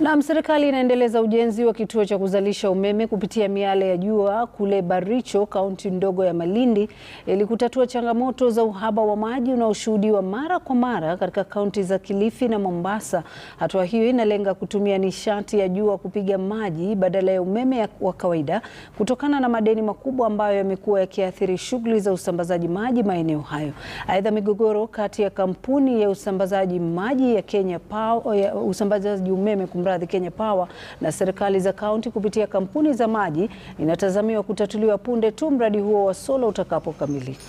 Naam, serikali inaendeleza ujenzi wa kituo cha kuzalisha umeme kupitia miale ya jua kule Baricho, kaunti ndogo ya Malindi ili kutatua changamoto za uhaba wa maji unaoshuhudiwa mara kwa mara katika kaunti za Kilifi na Mombasa. Hatua hiyo inalenga kutumia nishati ya jua kupiga maji badala ya umeme wa kawaida kutokana na madeni makubwa ambayo yamekuwa yakiathiri shughuli za usambazaji maji maeneo hayo. Aidha, migogoro kati ya kampuni ya usambazaji maji ya Kenya Power, usambazaji umeme mradhi Kenya Power na serikali za kaunti kupitia kampuni za maji inatazamiwa kutatuliwa punde tu mradi huo wa solo utakapokamilika.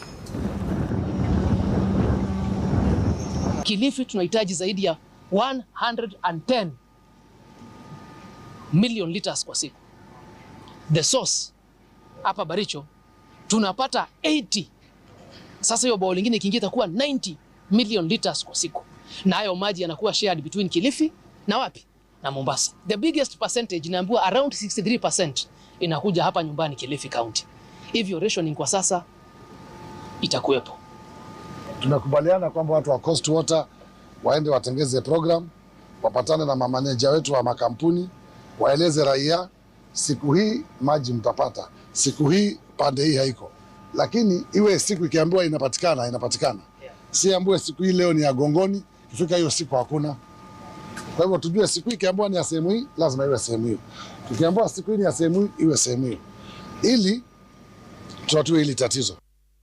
Kilifi tunahitaji zaidi ya 110 million liters kwa siku. The source hapa Baricho tunapata 80. Sasa hiyo bao lingine ikiingia itakuwa 90 million liters kwa siku, na hayo maji yanakuwa shared between Kilifi na wapi? na Mombasa. The biggest percentage naambiwa around 63% inakuja hapa nyumbani Kilifi County. Hivyo rationing kwa sasa itakuwepo. Tumekubaliana kwamba watu wa Coast Water waende watengeze program, wapatane na mamaneja wetu wa makampuni, waeleze raia, siku hii maji mtapata, siku hii pande hii haiko. Lakini iwe siku ikiambiwa inapatikana, inapatikana. yeah. Siambiwe siku hii leo ni ya Gongoni, ifika hiyo siku hakuna. Kwa hivyo tujue siku hii ikiambiwa ni ya sehemu hii lazima iwe sehemu hiyo, tukiambiwa siku hii ni ya sehemu hii iwe sehemu hiyo, ili tutatue hili tatizo.